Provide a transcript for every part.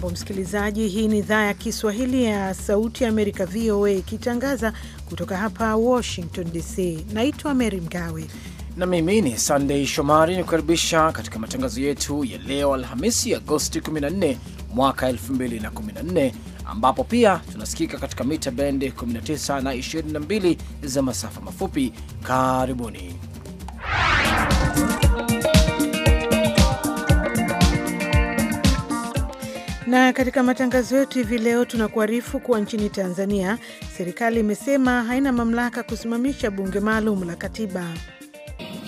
Hujambo msikilizaji, hii ni idhaa ya Kiswahili ya Sauti ya Amerika, VOA, ikitangaza kutoka hapa Washington DC. Naitwa Mary Mgawe na mimi ni Sandei Shomari, ni kukaribisha katika matangazo yetu ya leo Alhamisi, Agosti 14 mwaka 2014, ambapo pia tunasikika katika mita bendi 19 na 22 za masafa mafupi. Karibuni Na katika matangazo yetu hivi leo tunakuarifu kuwa nchini Tanzania serikali imesema haina mamlaka kusimamisha bunge maalum la katiba.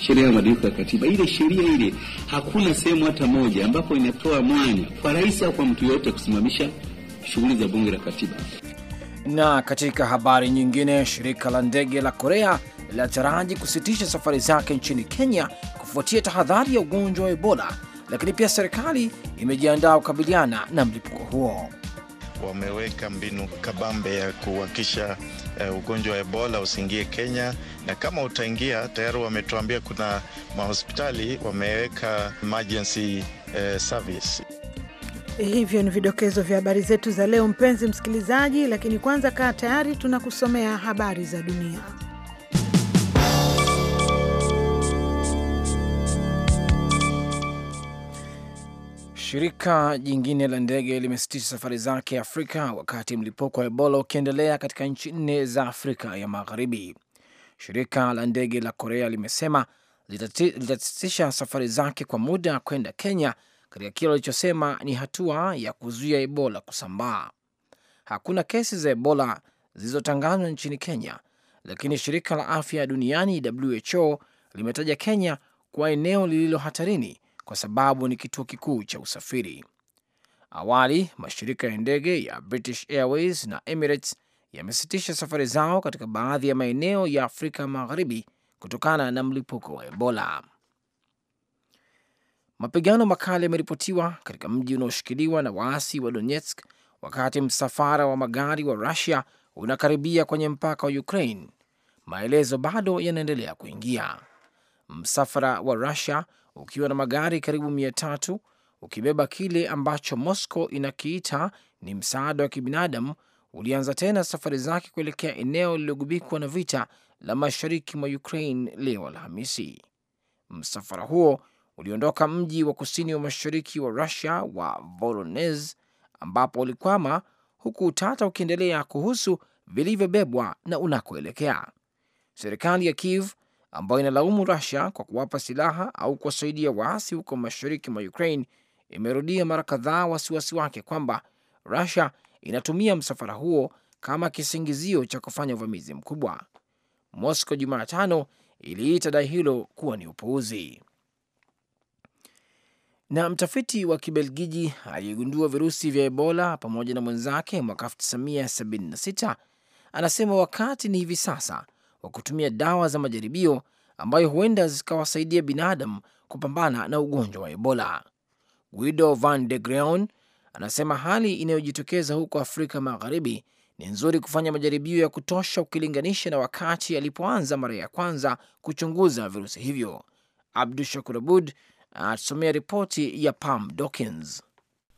Sheria ya mabadiliko ya katiba, ile sheria ile, hakuna sehemu hata moja ambapo inatoa mwanya kwa rais au kwa mtu yoyote kusimamisha shughuli za bunge la katiba. Na katika habari nyingine, shirika la ndege la Korea linataraji kusitisha safari zake nchini Kenya kufuatia tahadhari ya ugonjwa wa Ebola lakini pia serikali imejiandaa kukabiliana na mlipuko huo. Wameweka mbinu kabambe ya kuhakikisha uh, ugonjwa wa Ebola usiingie Kenya, na kama utaingia, tayari wametuambia kuna mahospitali wameweka emergency uh, service. Hivyo ni vidokezo vya habari zetu za leo, mpenzi msikilizaji, lakini kwanza kaa tayari, tunakusomea habari za dunia. Shirika jingine la ndege limesitisha safari zake Afrika wakati mlipuko wa Ebola ukiendelea katika nchi nne za Afrika ya Magharibi. Shirika la ndege la Korea limesema litasitisha safari zake kwa muda kwenda Kenya katika kile walichosema ni hatua ya kuzuia Ebola kusambaa. Hakuna kesi za Ebola zilizotangazwa nchini Kenya, lakini shirika la afya duniani WHO limetaja Kenya kwa eneo lililo hatarini kwa sababu ni kituo kikuu cha usafiri. Awali mashirika ya ndege ya British Airways na Emirates yamesitisha safari zao katika baadhi ya maeneo ya Afrika Magharibi kutokana na mlipuko wa Ebola. Mapigano makali yameripotiwa katika mji unaoshikiliwa na waasi wa Donetsk wakati msafara wa magari wa Rusia unakaribia kwenye mpaka wa Ukraine. Maelezo bado yanaendelea kuingia. Msafara wa Rusia ukiwa na magari karibu mia tatu ukibeba kile ambacho Moscow inakiita ni msaada wa kibinadamu, ulianza tena safari zake kuelekea eneo lililogubikwa na vita la mashariki mwa Ukraine leo Alhamisi. Msafara huo uliondoka mji wa kusini wa mashariki wa Rusia wa Voronezh ambapo ulikwama, huku utata ukiendelea kuhusu vilivyobebwa na unakoelekea. Serikali ya Kiev ambayo inalaumu Rusia kwa kuwapa silaha au kuwasaidia waasi huko mashariki mwa Ukraine imerudia mara kadhaa wasiwasi wake kwamba Rusia inatumia msafara huo kama kisingizio cha kufanya uvamizi mkubwa. Moscow Jumatano iliita dai hilo kuwa ni upuuzi. Na mtafiti wa Kibelgiji aliyegundua virusi vya Ebola pamoja na mwenzake mwaka 1976 anasema wakati ni hivi sasa wa kutumia dawa za majaribio ambayo huenda zikawasaidia binadamu kupambana na ugonjwa wa Ebola. Guido van de Greon anasema hali inayojitokeza huko Afrika Magharibi ni nzuri kufanya majaribio ya kutosha ukilinganisha na wakati alipoanza mara ya kwanza kuchunguza virusi hivyo. Abdu Shakur Abud atusomea ripoti ya Pam Dawkins.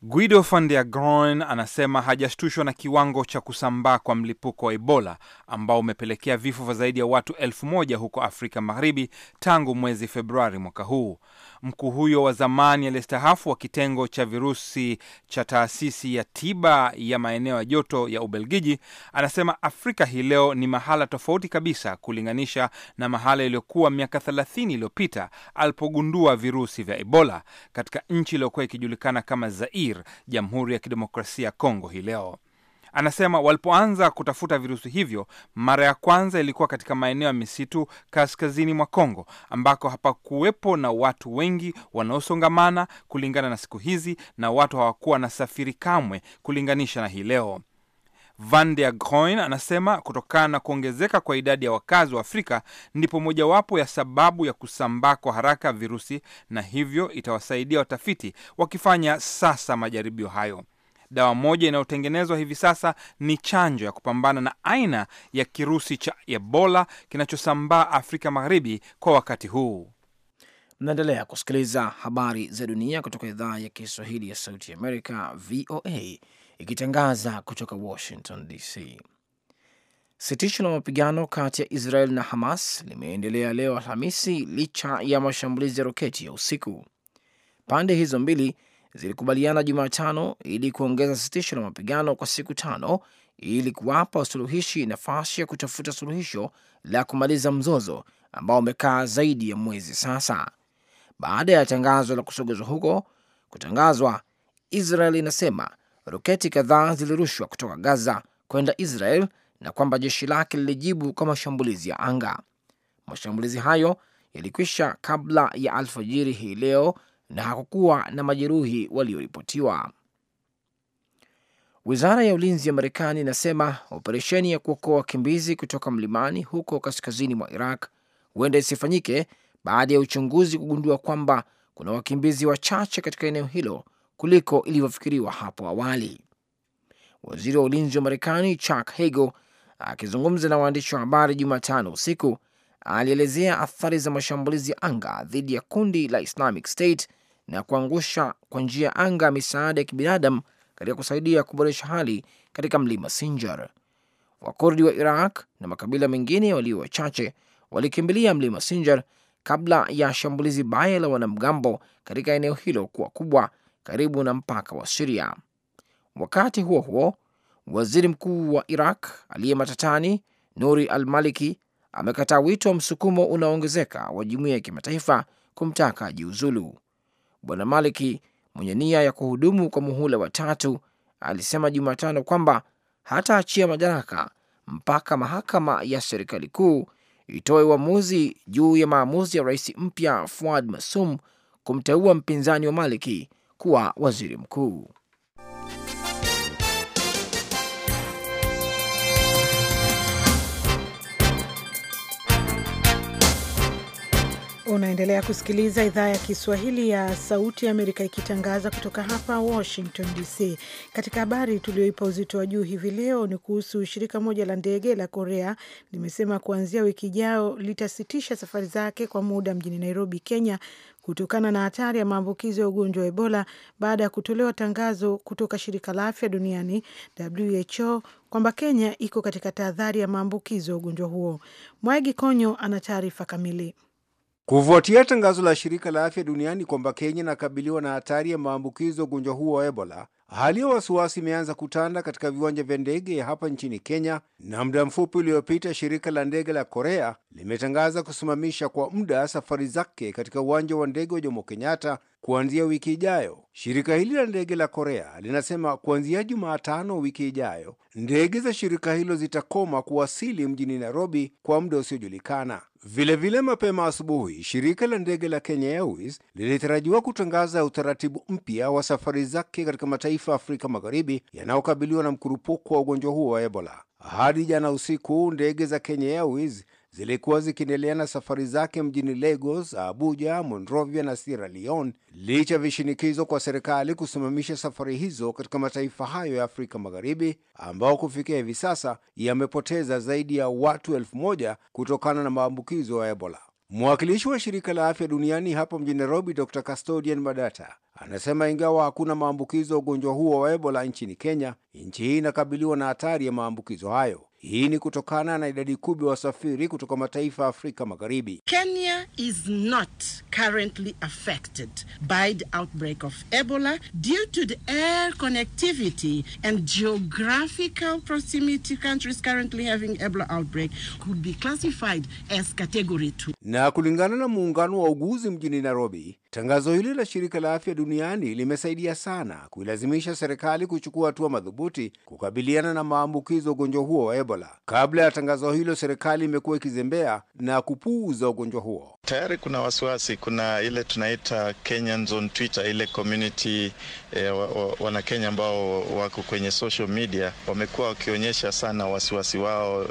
Guido van der Groen anasema hajashtushwa na kiwango cha kusambaa kwa mlipuko wa Ebola ambao umepelekea vifo vya zaidi ya watu elfu moja huko Afrika Magharibi tangu mwezi Februari mwaka huu. Mkuu huyo wa zamani aliyestahafu wa kitengo cha virusi cha taasisi ya tiba ya maeneo ya joto ya Ubelgiji anasema Afrika hii leo ni mahala tofauti kabisa kulinganisha na mahala iliyokuwa miaka 30 iliyopita alipogundua virusi vya Ebola katika nchi iliyokuwa ikijulikana kama Zair, Jamhuri ya Kidemokrasia ya Kongo hii leo. Anasema walipoanza kutafuta virusi hivyo mara ya kwanza ilikuwa katika maeneo ya misitu kaskazini mwa Kongo, ambako hapakuwepo na watu wengi wanaosongamana kulingana na siku hizi, na watu hawakuwa na safiri kamwe kulinganisha na hii leo. Van der Groen anasema kutokana na kuongezeka kwa idadi ya wakazi wa Afrika ndipo mojawapo ya sababu ya kusambaa kwa haraka virusi, na hivyo itawasaidia watafiti wakifanya sasa majaribio hayo. Dawa moja inayotengenezwa hivi sasa ni chanjo ya kupambana na aina ya kirusi cha Ebola kinachosambaa Afrika Magharibi kwa wakati huu. Mnaendelea kusikiliza habari za dunia kutoka idhaa ya Kiswahili ya Sauti Amerika, VOA, ikitangaza kutoka Washington DC. Sitisho la mapigano kati ya Israel na Hamas limeendelea leo Alhamisi licha ya mashambulizi ya roketi ya usiku. Pande hizo mbili zilikubaliana Jumatano ili kuongeza sitisho la mapigano kwa siku tano ili kuwapa wasuluhishi nafasi ya kutafuta suluhisho la kumaliza mzozo ambao umekaa zaidi ya mwezi sasa. Baada ya tangazo la kusogezwa huko kutangazwa, Israel inasema roketi kadhaa zilirushwa kutoka Gaza kwenda Israel na kwamba jeshi lake lilijibu kwa mashambulizi ya anga. Mashambulizi hayo yalikwisha kabla ya alfajiri hii leo na hakukuwa na majeruhi walioripotiwa. Wizara ya ulinzi ya Marekani inasema operesheni ya kuokoa wakimbizi kutoka mlimani huko kaskazini mwa Iraq huenda isifanyike baada ya uchunguzi kugundua kwamba kuna wakimbizi wachache katika eneo hilo kuliko ilivyofikiriwa hapo awali. Waziri wa ulinzi wa Marekani Chuck Hagel akizungumza na waandishi wa habari Jumatano usiku alielezea athari za mashambulizi ya anga dhidi ya kundi la Islamic State na kuangusha kwa njia ya anga misaada ya kibinadamu katika kusaidia kuboresha hali katika mlima Sinjar. Wakurdi wa Iraq na makabila mengine walio wachache walikimbilia mlima Sinjar kabla ya shambulizi baya la wanamgambo katika eneo hilo kuwa kubwa karibu na mpaka wa Siria. Wakati huo huo, waziri mkuu wa Iraq aliye matatani Nuri al-Maliki amekataa wito wa msukumo unaoongezeka wa jumuiya ya kimataifa kumtaka jiuzulu. Bwana Maliki mwenye nia ya kuhudumu kwa muhula wa tatu alisema Jumatano kwamba hataachia madaraka mpaka mahakama ya serikali kuu itoe uamuzi juu ya maamuzi ya rais mpya Fuad Masum kumteua mpinzani wa Maliki kuwa waziri mkuu. Unaendelea kusikiliza idhaa ya Kiswahili ya Sauti ya Amerika ikitangaza kutoka hapa Washington DC. Katika habari tulioipa uzito wa juu hivi leo ni kuhusu shirika moja la ndege la Korea limesema kuanzia wiki ijayo litasitisha safari zake kwa muda mjini Nairobi, Kenya, kutokana na hatari ya maambukizo ya ugonjwa wa Ebola baada ya kutolewa tangazo kutoka shirika la afya duniani WHO kwamba Kenya iko katika tahadhari ya maambukizo ya ugonjwa huo. mwaegi Konyo ana taarifa kamili. Kufuatia tangazo la shirika la afya duniani kwamba Kenya inakabiliwa na hatari ya maambukizi ya ugonjwa huo wa Ebola, hali ya wasiwasi imeanza kutanda katika viwanja vya ndege hapa nchini Kenya, na muda mfupi uliopita shirika la ndege la Korea limetangaza kusimamisha kwa muda safari zake katika uwanja wa ndege wa Jomo Kenyatta kuanzia wiki ijayo. Shirika hili la ndege la Korea linasema kuanzia Jumatano wiki ijayo ndege za shirika hilo zitakoma kuwasili mjini Nairobi kwa muda usiojulikana. Vilevile, mapema asubuhi shirika la ndege la Kenya Airways lilitarajiwa kutangaza utaratibu mpya wa safari zake katika mataifa ya Afrika Magharibi yanayokabiliwa na mkurupuko wa ugonjwa huo wa Ebola. Hadi jana usiku ndege za Kenya Airways zilikuwa zikiendelea na safari zake mjini Lagos, Abuja, Monrovia na Sierra Leone licha ya vishinikizo kwa serikali kusimamisha safari hizo katika mataifa hayo ya Afrika Magharibi, ambao kufikia hivi sasa yamepoteza zaidi ya watu elfu moja kutokana na maambukizo ya Ebola. Mwakilishi wa shirika la afya duniani hapo mjini Nairobi, Dr Custodian madata anasema ingawa hakuna maambukizo ya ugonjwa huo wa Ebola nchini Kenya, nchi hii inakabiliwa na hatari ya maambukizo hayo. Hii ni kutokana na idadi kubwa ya wasafiri kutoka mataifa ya Afrika Magharibi. Kenya is not currently affected by the outbreak of Ebola due to the air connectivity and geographical proximity countries currently having Ebola outbreak could be classified as category 2. Na kulingana na muungano wa uguzi mjini Nairobi Tangazo hili la shirika la afya duniani limesaidia sana kuilazimisha serikali kuchukua hatua madhubuti kukabiliana na maambukizo ugonjwa huo wa Ebola. Kabla ya tangazo hilo, serikali imekuwa ikizembea na kupuuza ugonjwa huo. Tayari kuna wasiwasi, kuna ile tunaita Kenyans on Twitter, ile community eh, wa, wa, Wanakenya ambao wako kwenye social media wamekuwa wakionyesha sana wasiwasi wao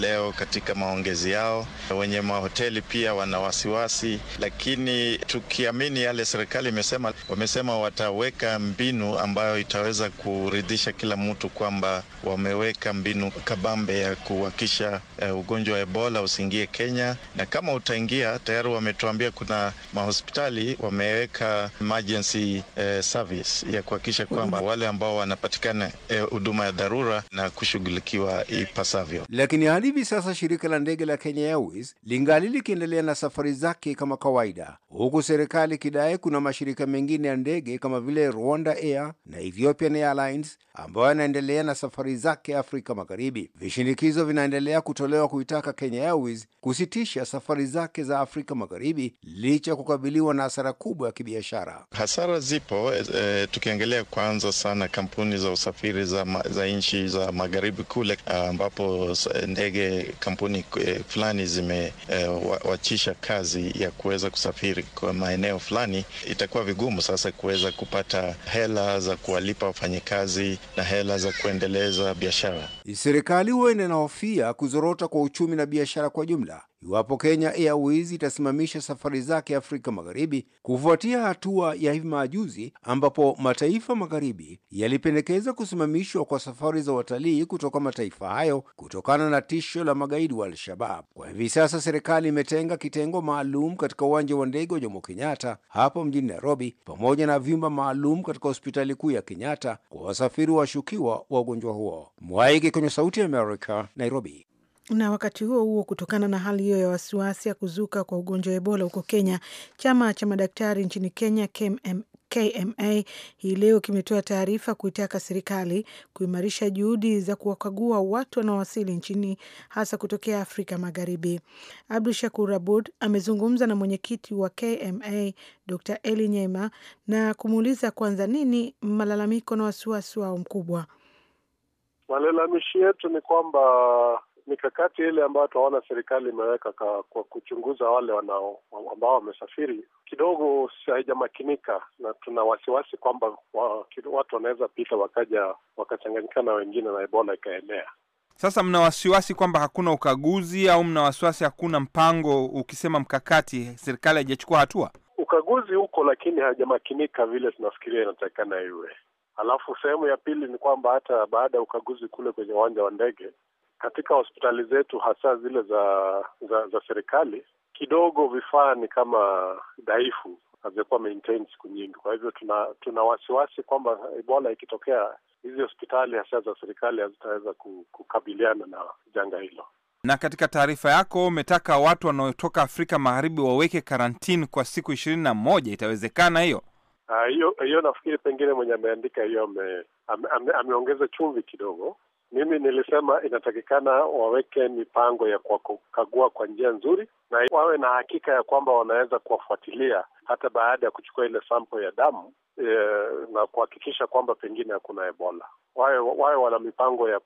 leo katika maongezi yao. Wenye mahoteli pia wana wasiwasi, lakini tukiamini naamini yale serikali imesema, wamesema wataweka mbinu ambayo itaweza kuridhisha kila mtu kwamba wameweka mbinu kabambe ya kuhakisha uh, eh, ugonjwa wa Ebola usiingie Kenya, na kama utaingia, tayari wametuambia kuna mahospitali wameweka emergency uh, service ya kuhakikisha kwamba wale ambao wanapatikana eh, huduma uh, ya dharura na kushughulikiwa ipasavyo. Lakini hadi hivi sasa shirika la ndege la Kenya Airways lingali likiendelea na safari zake kama kawaida, huku serikali likidai kuna mashirika mengine ya ndege kama vile Rwanda Air na Ethiopian Airlines ambayo yanaendelea na safari zake Afrika Magharibi. Vishinikizo vinaendelea kutolewa kuitaka Kenya Airways kusitisha safari zake za Afrika Magharibi licha ya kukabiliwa na hasara kubwa ya kibiashara. Hasara zipo e, tukiangalia kwanza sana kampuni za usafiri za, ma, za nchi za magharibi kule ah, ambapo eh, ndege kampuni e, fulani zimewachisha e, wa, kazi ya kuweza kusafiri kwa maeneo fulani, itakuwa vigumu sasa kuweza kupata hela za kuwalipa wafanyikazi na hela za kuendeleza biashara. Serikali huenda inahofia kuzorota kwa uchumi na biashara kwa jumla iwapo Kenya Airways itasimamisha safari zake Afrika Magharibi kufuatia hatua ya hivi majuzi ambapo mataifa magharibi yalipendekeza kusimamishwa kwa safari za watalii kutoka mataifa hayo kutokana na tisho la magaidi wa Al-Shabab. Kwa hivi sasa serikali imetenga kitengo maalum katika uwanja wa ndege wa Jomo Kenyatta hapo mjini Nairobi, pamoja na vyumba maalum katika hospitali kuu ya Kenyatta kwa wasafiri washukiwa wa ugonjwa huo. Mwaiki kwenye Sauti ya Amerika, Nairobi. Na wakati huo huo, kutokana na hali hiyo ya wasiwasi ya kuzuka kwa ugonjwa wa Ebola huko Kenya, chama cha madaktari nchini Kenya KMM, KMA hii leo kimetoa taarifa kuitaka serikali kuimarisha juhudi za kuwakagua watu wanaowasili nchini hasa kutokea Afrika Magharibi. Abdu Shakur Abud amezungumza na mwenyekiti wa KMA Dr Eli Nyema na kumuuliza kwanza nini malalamiko na wasiwasi wao mkubwa. Malalamishi yetu ni kwamba mikakati ile ambayo tunaona serikali imeweka kwa kuchunguza wale wanao ambao wamesafiri kidogo haijamakinika, na tuna wasiwasi kwamba watu wanaweza pita wakaja wakachanganyikana wengine na Ebola ikaenea. Sasa mna wasiwasi kwamba hakuna ukaguzi au mna wasiwasi hakuna mpango? Ukisema mkakati, serikali haijachukua hatua. Ukaguzi uko lakini haijamakinika vile tunafikiria inatakikana iwe. Alafu sehemu ya pili ni kwamba hata baada ya ukaguzi kule kwenye uwanja wa ndege katika hospitali zetu hasa zile za za, za serikali kidogo vifaa ni kama dhaifu, havyakuwa maintained siku nyingi. Kwa hivyo tuna tuna wasiwasi kwamba Ebola ikitokea hizi hospitali hasa za serikali hazitaweza kukabiliana na janga hilo. Na katika taarifa yako umetaka watu wanaotoka Afrika Magharibi waweke karantini kwa siku ishirini na moja. Itawezekana hiyo? Ah, hiyo uh, nafikiri pengine mwenye ameandika hiyo ame, ame, ame, ameongeza chumvi kidogo mimi nilisema inatakikana waweke mipango ya kuwakagua kwa njia nzuri, na wawe na hakika ya kwamba wanaweza kuwafuatilia hata baada ya kuchukua ile sampo ya damu e, na kuhakikisha kwamba pengine hakuna Ebola. Wawe wana mipango ya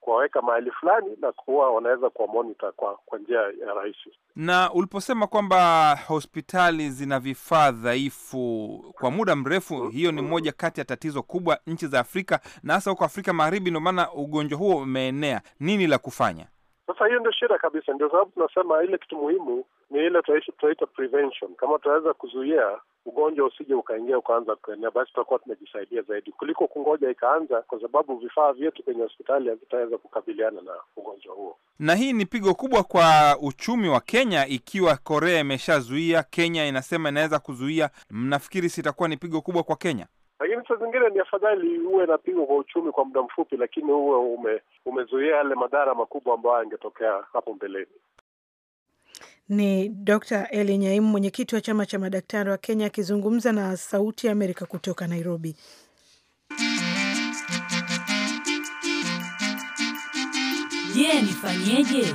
kuwaweka mahali fulani na kuwa wanaweza kuwamonita kwa, kwa njia ya rahisi. Na uliposema kwamba hospitali zina vifaa dhaifu kwa muda mrefu, hiyo ni moja kati ya tatizo kubwa nchi za Afrika na hasa huko Afrika Magharibi, ndio maana ugonjwa huo umeenea. Nini la kufanya? Sasa hiyo ndio shida kabisa, ndio sababu tunasema ile kitu muhimu ni ile tunaita prevention. Kama tunaweza kuzuia ugonjwa usije ukaingia ukaanza kuenea, basi tutakuwa tumejisaidia zaidi kuliko kungoja ikaanza, kwa sababu vifaa vyetu kwenye hospitali havitaweza kukabiliana na ugonjwa huo. Na hii ni pigo kubwa kwa uchumi wa Kenya. Ikiwa Korea imeshazuia, Kenya inasema inaweza kuzuia, mnafikiri sitakuwa ni pigo kubwa kwa Kenya? Lakini saa zingine ni afadhali huwe na pigo kwa uchumi kwa muda mfupi, lakini huwe ume, umezuia yale madhara makubwa ambayo yangetokea hapo mbeleni. Ni Dr Eli Nyaimu, mwenyekiti wa chama cha madaktari wa Kenya, akizungumza na Sauti ya Amerika kutoka Nairobi. Je, nifanyeje?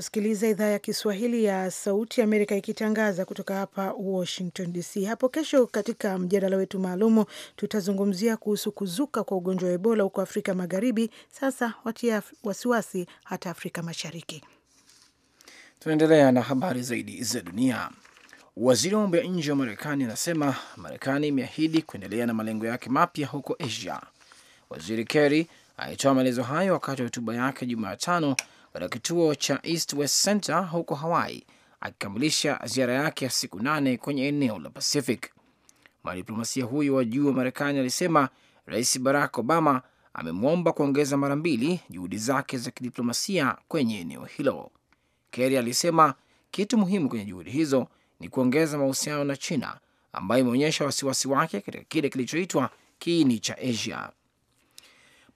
kusikiliza idhaa ya Kiswahili ya Sauti ya Amerika ikitangaza kutoka hapa Washington DC. Hapo kesho, katika mjadala wetu maalumu, tutazungumzia kuhusu kuzuka kwa ugonjwa wa Ebola huko Afrika Magharibi. Sasa watia wasiwasi hata Afrika Mashariki. Tunaendelea na habari zaidi za dunia. Waziri wa mambo ya nje wa Marekani anasema Marekani imeahidi kuendelea na malengo yake mapya huko Asia. Waziri Kerry alitoa maelezo hayo wakati wa hotuba yake Jumatano katika kituo cha East West Center huko Hawaii, akikamilisha ziara yake ya siku nane kwenye eneo la Pacific. Mwanadiplomasia huyo wa juu wa Marekani alisema Rais Barack Obama amemwomba kuongeza mara mbili juhudi zake za kidiplomasia kwenye eneo hilo. Kerry alisema kitu muhimu kwenye juhudi hizo ni kuongeza mahusiano na China ambayo imeonyesha wasiwasi wake katika kile kilichoitwa kiini cha Asia.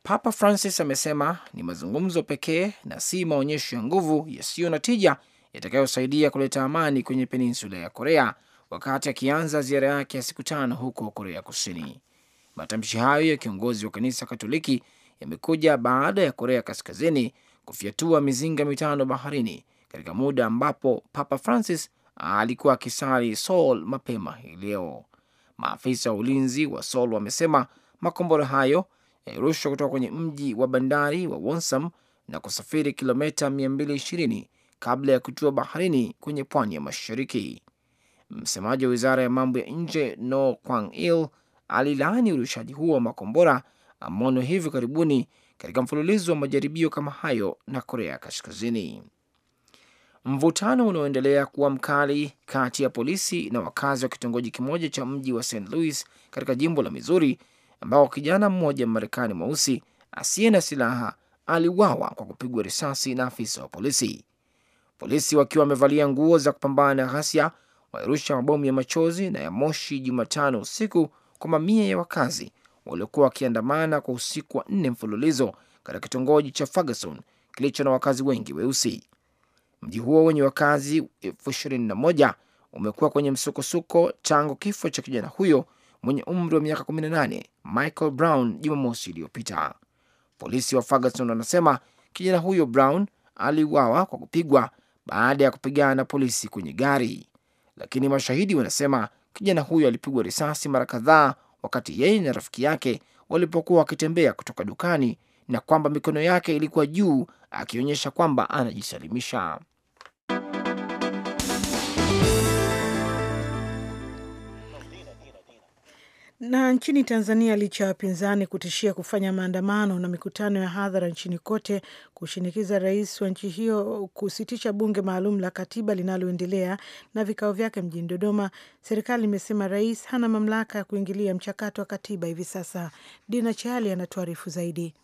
Papa Francis amesema ni mazungumzo pekee na si maonyesho ya nguvu yasiyo na tija yatakayosaidia kuleta amani kwenye peninsula ya Korea, wakati akianza ziara yake ya siku tano huko Korea Kusini. Matamshi hayo ya kiongozi wa kanisa Katoliki yamekuja baada ya Korea Kaskazini kufyatua mizinga mitano baharini katika muda ambapo Papa Francis alikuwa akisali Seoul mapema hii leo. Maafisa wa ulinzi wa Seoul wamesema makombora hayo Eh, rushwa kutoka kwenye mji wa bandari wa Wonsam na kusafiri kilomita 220 kabla ya kutua baharini kwenye pwani ya mashariki. Msemaji wa wizara ya mambo ya nje No Kwang Il alilaani urushaji huo wa makombora amono hivi karibuni katika mfululizo wa majaribio kama hayo na Korea Kaskazini. Mvutano unaoendelea kuwa mkali kati ya polisi na wakazi wa kitongoji kimoja cha mji wa St Louis katika jimbo la Mizuri ambao kijana mmoja marekani mweusi asiye na silaha aliwawa kwa kupigwa risasi na afisa wa polisi. Polisi wakiwa wamevalia nguo za kupambana na ghasia walirusha mabomu ya machozi na ya moshi Jumatano usiku kwa mamia ya wakazi waliokuwa wakiandamana kwa usiku wa nne mfululizo katika kitongoji cha Ferguson kilicho na wakazi wengi weusi. Mji huo wenye wakazi elfu ishirini na moja umekuwa kwenye msukosuko tangu kifo cha kijana huyo mwenye umri wa miaka 18 Michael Brown Jumamosi iliyopita. Polisi wa Ferguson wanasema kijana huyo Brown aliuawa kwa kupigwa baada ya kupigana na polisi kwenye gari, lakini mashahidi wanasema kijana huyo alipigwa risasi mara kadhaa wakati yeye na rafiki yake walipokuwa wakitembea kutoka dukani na kwamba mikono yake ilikuwa juu akionyesha kwamba anajisalimisha. Na nchini Tanzania, licha ya wapinzani kutishia kufanya maandamano na mikutano ya hadhara nchini kote kushinikiza rais wa nchi hiyo kusitisha bunge maalum la katiba linaloendelea na vikao vyake mjini Dodoma, serikali imesema rais hana mamlaka ya kuingilia mchakato wa katiba hivi sasa. Dina Chali anatuarifu zaidi.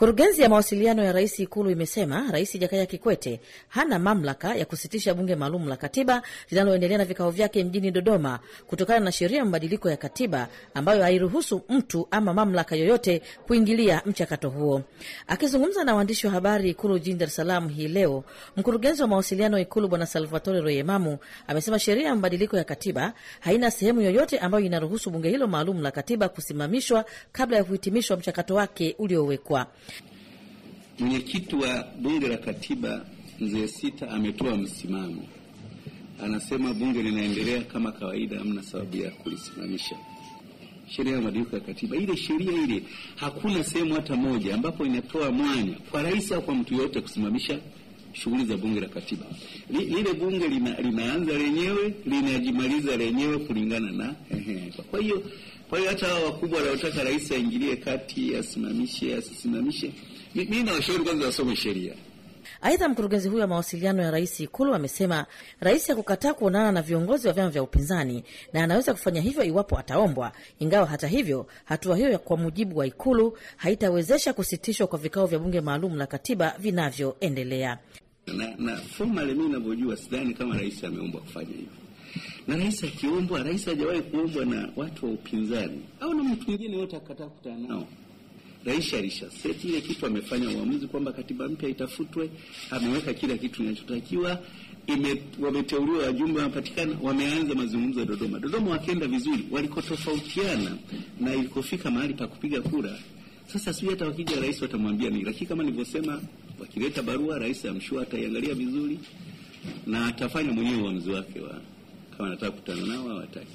Kurugenzi ya mawasiliano ya rais Ikulu imesema Rais Jakaya Kikwete hana mamlaka ya kusitisha bunge maalum la katiba linaloendelea na vikao vyake mjini Dodoma kutokana na sheria ya mabadiliko ya katiba ambayo hairuhusu mtu ama mamlaka yoyote kuingilia mchakato huo. Akizungumza na waandishi wa habari Ikulu jijini Dar es Salaam hii leo, mkurugenzi wa mawasiliano Ikulu Bwana Salvatore Royemamu amesema sheria ya mabadiliko ya katiba haina sehemu yoyote ambayo inaruhusu bunge hilo maalum la katiba kusimamishwa kabla ya kuhitimishwa mchakato wake uliowekwa. Mwenyekiti wa Bunge la Katiba Mzee Sita ametoa msimamo, anasema bunge linaendelea kama kawaida, hamna sababu ya kulisimamisha. Sheria ya mabadiliko ya katiba ile sheria ile, hakuna sehemu hata moja ambapo inatoa mwanya kwa rais au kwa mtu yoyote kusimamisha shughuli za bunge la katiba. Lile bunge lina, linaanza lenyewe linajimaliza lenyewe kulingana na ehe. Kwa hiyo kwa hiyo hata hao wakubwa wanaotaka rais aingilie kati, asimamishe asisimamishe mimi nawashauri kwanza wasome sheria. Aidha, mkurugenzi huyo wa mawasiliano ya rais Ikulu amesema rais hakukataa kuonana na viongozi wa vyama vya upinzani na anaweza kufanya hivyo iwapo ataombwa, ingawa hata hivyo hatua hiyo kwa mujibu wa Ikulu haitawezesha kusitishwa kwa vikao vya bunge maalum la katiba vinavyoendelea. Na, na formally mimi ninavyojua, sidhani kama rais ameombwa kufanya hivyo, na rais akiombwa, rais hajawahi kuombwa na watu wa upinzani au na mtu mwingine yote akakataa kukutana nao. Rais alishaseti ile kitu, amefanya uamuzi kwamba katiba mpya itafutwe, ameweka kila kitu kinachotakiwa, wameteuliwa wajumbe, wanapatikana, wameanza mazungumzo ya Dodoma. Dodoma wakienda vizuri, walikotofautiana na ilikofika mahali pa kupiga kura. Sasa sijui hata wakija rais watamwambia nini, lakini kama nilivyosema, wakileta barua rais amshua ataiangalia vizuri na atafanya mwenyewe uamuzi wake wa kama anataka kukutana nao au hataki.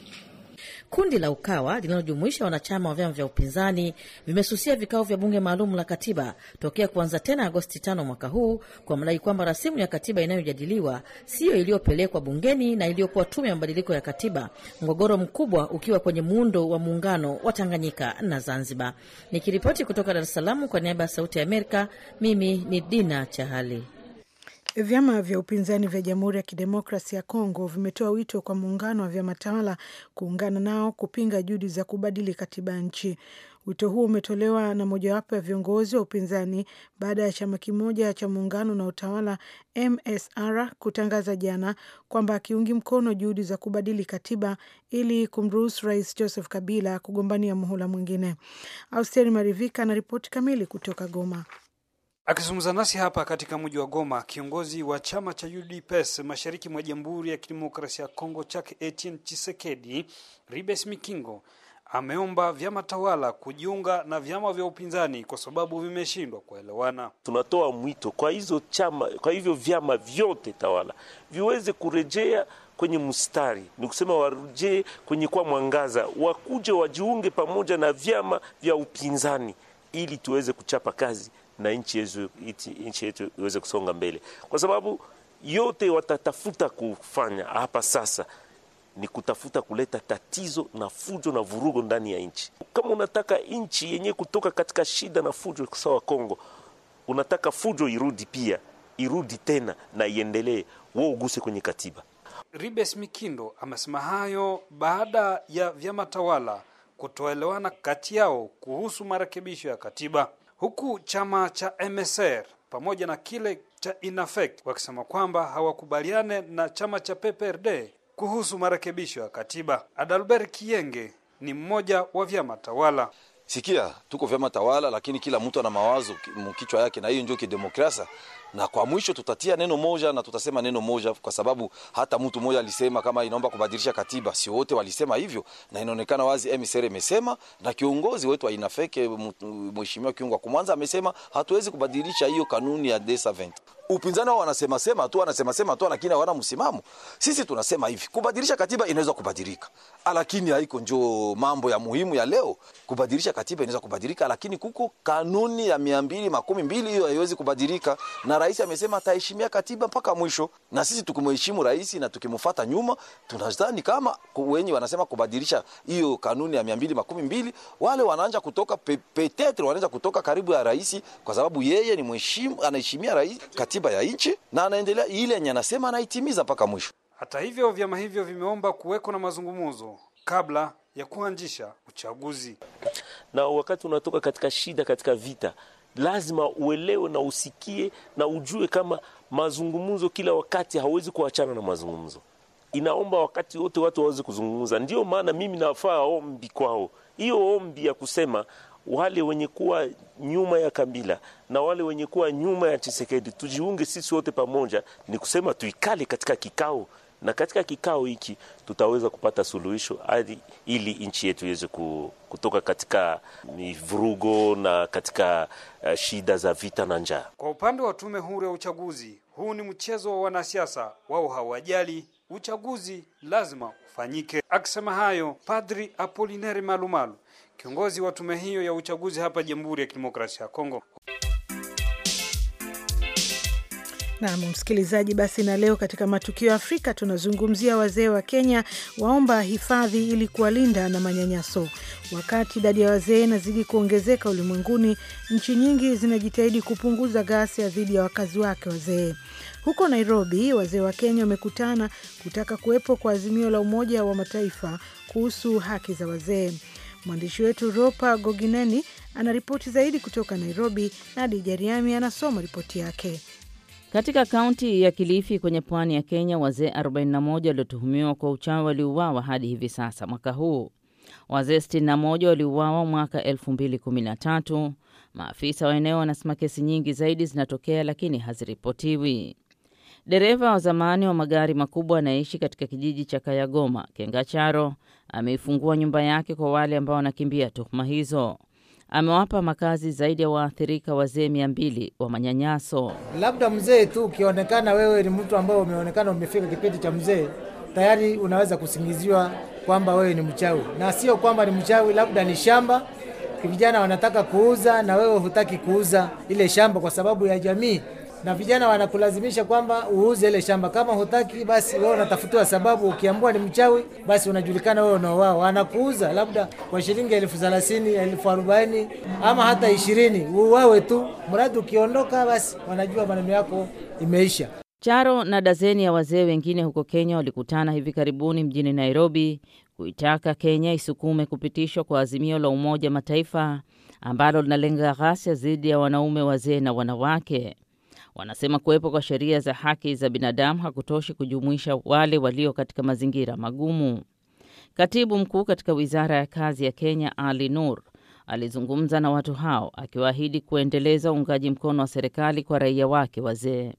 Kundi la UKAWA linalojumuisha wanachama wa vyama vya upinzani vimesusia vikao vya bunge maalum la katiba tokea kuanza tena Agosti tano mwaka huu kwa madai kwamba rasimu ya katiba inayojadiliwa siyo iliyopelekwa bungeni na iliyokuwa tume ya mabadiliko ya katiba, mgogoro mkubwa ukiwa kwenye muundo wa muungano wa Tanganyika na Zanzibar. Nikiripoti kutoka Dar es Salaam kwa niaba ya Sauti ya Amerika, mimi ni Dina Chahali. Vyama vya upinzani vya Jamhuri ya Kidemokrasi ya Kongo vimetoa wito kwa muungano wa vyama tawala kuungana nao kupinga juhudi za kubadili katiba ya nchi. Wito huo umetolewa na mojawapo ya viongozi wa upinzani baada ya chama kimoja cha muungano na utawala MSR kutangaza jana kwamba akiungi mkono juhudi za kubadili katiba ili kumruhusu Rais Joseph Kabila kugombania muhula mwingine. Austeri Marivika ana ripoti kamili kutoka Goma. Akizungumza nasi hapa katika mji wa Goma, kiongozi wa chama cha UDPS mashariki mwa Jamhuri ya Kidemokrasia ya Kongo chake Etienne chisekedi Ribes Mikingo ameomba vyama tawala kujiunga na vyama vya upinzani kwa sababu vimeshindwa kuelewana. Tunatoa mwito kwa hizo chama, kwa hivyo vyama vyote tawala viweze kurejea kwenye mstari, ni kusema warejee kwenye kwa mwangaza, wakuje wajiunge pamoja na vyama vya upinzani ili tuweze kuchapa kazi na nchi yetu, nchi yetu iweze kusonga mbele, kwa sababu yote watatafuta kufanya hapa sasa ni kutafuta kuleta tatizo na fujo na vurugo ndani ya nchi. Kama unataka nchi yenye kutoka katika shida na fujo sawa Kongo, unataka fujo irudi, pia irudi tena na iendelee, wewe uguse kwenye katiba. Ribes Mikindo amesema hayo baada ya vyama tawala kutoelewana kati yao kuhusu marekebisho ya katiba huku chama cha MSR pamoja na kile cha inafec wakisema kwamba hawakubaliane na chama cha PPRD kuhusu marekebisho ya katiba. Adalbert Kiyenge ni mmoja wa vyama tawala. Sikia, tuko vyama tawala, lakini kila mtu ana mawazo mkichwa yake, na hiyo ndio kidemokrasia. Na kwa mwisho tutatia neno moja na tutasema neno moja, kwa sababu hata mtu mmoja alisema kama inaomba kubadilisha katiba, sio wote walisema hivyo, na inaonekana wazi MCR imesema na kiongozi wetu ainafeke mheshimiwa Kiungwa Kumwanza amesema hatuwezi kubadilisha hiyo kanuni ya Desa upinzani wao wanasema sema tu, wanasema sema tu, lakini hawana msimamo. Sisi tunasema hivi, kubadilisha katiba inaweza kubadilika, ah, lakini haiko njo mambo ya muhimu ya leo. Kubadilisha katiba inaweza kubadilika, lakini kuko kanuni ya mia mbili makumi mbili, hiyo haiwezi kubadilika, na rais amesema ataheshimia katiba mpaka mwisho, na sisi tukimheshimu rais na tukimfuata nyuma, tunadhani kama wenye wanasema kubadilisha hiyo kanuni ya mia mbili makumi mbili, wale wanaanza kutoka petetre wanaanza kutoka karibu ya rais, kwa sababu yeye ni mheshimu, anaheshimia rais katiba katiba ya nchi na anaendelea ile yenye anasema anaitimiza mpaka mwisho. Hata hivyo, vyama hivyo vimeomba kuweko na mazungumzo kabla ya kuanzisha uchaguzi. Na wakati unatoka katika shida, katika vita, lazima uelewe na usikie na ujue kama mazungumzo kila wakati hawezi kuachana na mazungumzo. Inaomba wakati wote watu waweze kuzungumza. ndio maana mimi nafaa ombi kwao, hiyo ombi ya kusema wale wenye kuwa nyuma ya Kabila na wale wenye kuwa nyuma ya Chisekedi tujiunge sisi wote pamoja, ni kusema tuikale katika kikao, na katika kikao hiki tutaweza kupata suluhisho hadi ili nchi yetu iweze kutoka katika mivurugo na katika eh, shida za vita na njaa. Kwa upande wa tume huru ya uchaguzi, huu ni mchezo wa wanasiasa, wao hawajali uchaguzi lazima ufanyike. Akisema hayo Padri Apolinari Malumalu kiongozi wa tume hiyo ya uchaguzi hapa Jamhuri ya Kidemokrasia ya Kongo. Nam msikilizaji, basi na leo katika matukio ya Afrika tunazungumzia wazee wa Kenya waomba hifadhi ili kuwalinda na manyanyaso. Wakati idadi ya wazee inazidi kuongezeka ulimwenguni, nchi nyingi zinajitahidi kupunguza ghasia dhidi ya wakazi wake wazee. Huko Nairobi, wazee wa Kenya wamekutana kutaka kuwepo kwa azimio la Umoja wa Mataifa kuhusu haki za wazee. Mwandishi wetu Ropa Gogineni anaripoti zaidi kutoka Nairobi na Adija Riami anasoma ripoti yake. Katika kaunti ya Kilifi kwenye pwani ya Kenya, wazee 41 waliotuhumiwa kwa uchawi waliuawa hadi hivi sasa mwaka huu. Wazee 61 waliuawa mwaka 2013. Maafisa wa eneo wanasema kesi nyingi zaidi zinatokea lakini haziripotiwi. Dereva wa zamani wa magari makubwa anayeishi katika kijiji cha Kayagoma, Kengacharo, ameifungua nyumba yake kwa wale ambao wanakimbia tuhuma hizo. Amewapa makazi zaidi ya waathirika wazee mia mbili wa manyanyaso. Labda mzee tu ukionekana wewe ni mtu ambao umeonekana umefika kipindi cha mzee, tayari unaweza kusingiziwa kwamba wewe ni mchawi, na sio kwamba ni mchawi, labda ni shamba vijana wanataka kuuza na wewe hutaki kuuza ile shamba kwa sababu ya jamii na vijana wanakulazimisha kwamba uuze ile shamba. Kama hutaki, basi wewe unatafutiwa sababu. Ukiambua ni mchawi, basi unajulikana wewe wao. Wanakuuza labda kwa shilingi elfu thelathini, elfu arobaini ama hata ishirini, uwawe tu mradi. Ukiondoka basi wanajua maneno yako imeisha. Charo na dazeni ya wazee wengine huko Kenya walikutana hivi karibuni mjini Nairobi kuitaka Kenya isukume kupitishwa kwa azimio la Umoja Mataifa ambalo linalenga ghasia dhidi ya wanaume, wazee na wanawake. Wanasema kuwepo kwa sheria za haki za binadamu hakutoshi kujumuisha wale walio katika mazingira magumu. Katibu mkuu katika wizara ya kazi ya Kenya, Ali Nur, alizungumza na watu hao akiwaahidi kuendeleza uungaji mkono wa serikali kwa raia wake wazee.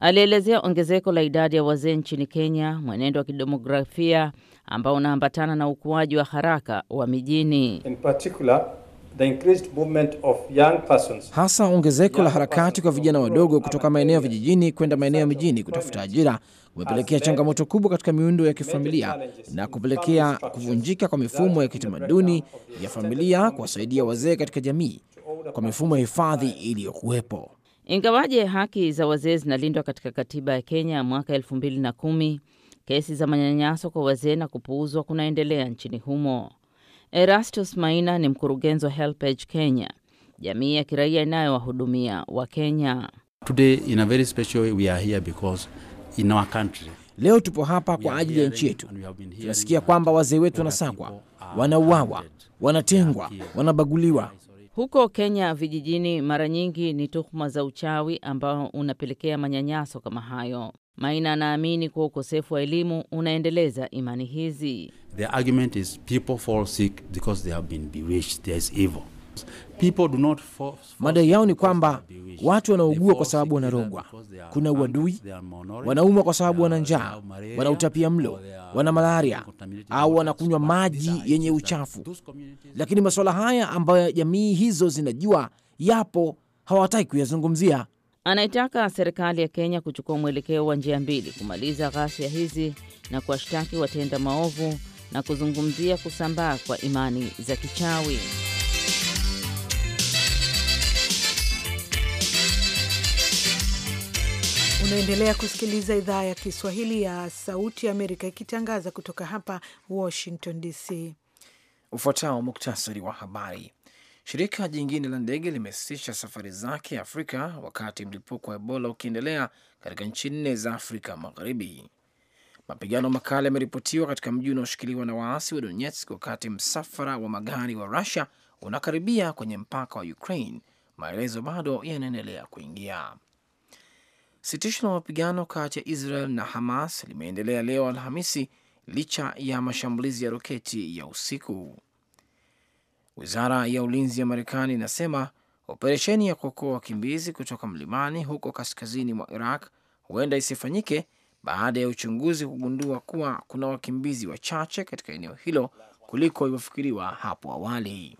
Alielezea ongezeko la idadi ya wazee nchini Kenya, mwenendo wa kidemografia ambao unaambatana na ukuaji wa haraka wa mijini. In particular The increased movement of young persons, hasa ongezeko la harakati kwa vijana wadogo kutoka maeneo ya vijijini kwenda maeneo ya mijini kutafuta ajira kumepelekea changamoto kubwa katika miundo ya kifamilia na kupelekea kuvunjika kwa mifumo ya kitamaduni ya familia kuwasaidia wazee katika jamii kwa mifumo ya hifadhi iliyokuwepo. Ingawaje haki za wazee zinalindwa katika katiba ya Kenya ya mwaka elfu mbili na kumi, kesi za manyanyaso kwa wazee na kupuuzwa kunaendelea nchini humo. Erastus Maina ni mkurugenzi wa Helpage Kenya, jamii ya kiraia inayowahudumia wa Kenya. Today in a very special way we are here because in our country Leo tupo hapa kwa ajili ya nchi yetu. Tunasikia kwamba wazee wetu wanasakwa, wanauawa, wanatengwa, wanabaguliwa, huko Kenya vijijini, mara nyingi ni tuhuma za uchawi ambao unapelekea manyanyaso kama hayo. Maina anaamini kuwa ukosefu wa elimu unaendeleza imani hizi. The argument is people fall sick because they have been bewitched, there is evil. Madai yao ni kwamba watu wanaugua kwa sababu wanarogwa, kuna uadui, wanaumwa kwa sababu wana njaa, wana utapia mlo, wana malaria au wanakunywa maji yenye uchafu. Lakini masuala haya ambayo jamii hizo zinajua yapo hawataki kuyazungumzia. Anaitaka serikali ya Kenya kuchukua mwelekeo wa njia mbili, kumaliza ghasia hizi na kuwashtaki watenda maovu na kuzungumzia kusambaa kwa imani za kichawi. Unaendelea kusikiliza idhaa ya Kiswahili ya Sauti ya Amerika ikitangaza kutoka hapa Washington DC. Ufuatao muktasari wa habari. Shirika jingine la ndege limesitisha safari zake Afrika wakati mlipuko wa Ebola ukiendelea katika nchi nne za Afrika Magharibi. Mapigano makali yameripotiwa katika mji unaoshikiliwa na waasi wa Donetsk wakati msafara wa magari wa Rusia unakaribia kwenye mpaka wa Ukraine. Maelezo bado yanaendelea kuingia. Sitisho la mapigano kati ya Israel na Hamas limeendelea leo Alhamisi licha ya mashambulizi ya roketi ya usiku. Wizara ya ulinzi ya Marekani inasema operesheni ya kuokoa wakimbizi kutoka mlimani huko kaskazini mwa Iraq huenda isifanyike baada ya uchunguzi kugundua kuwa kuna wakimbizi wachache katika eneo hilo kuliko ilivyofikiriwa hapo awali.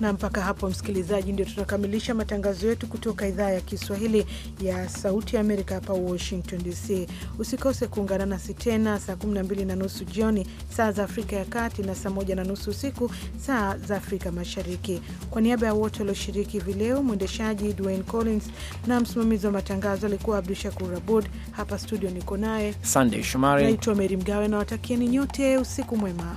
Na mpaka hapo, msikilizaji, ndio tunakamilisha matangazo yetu kutoka idhaa ya Kiswahili ya Sauti ya Amerika hapa Washington DC. Usikose kuungana nasi tena saa 12 na nusu jioni saa za Afrika ya Kati na saa 1 na nusu usiku saa za Afrika Mashariki. Kwa niaba ya wote walioshiriki hivi leo, mwendeshaji Dwayne Collins na msimamizi wa matangazo alikuwa Abdu Shakur Abud. Hapa studio niko naye Sandey Shomari, naitwa Meri Mgawe na watakieni nyote usiku mwema.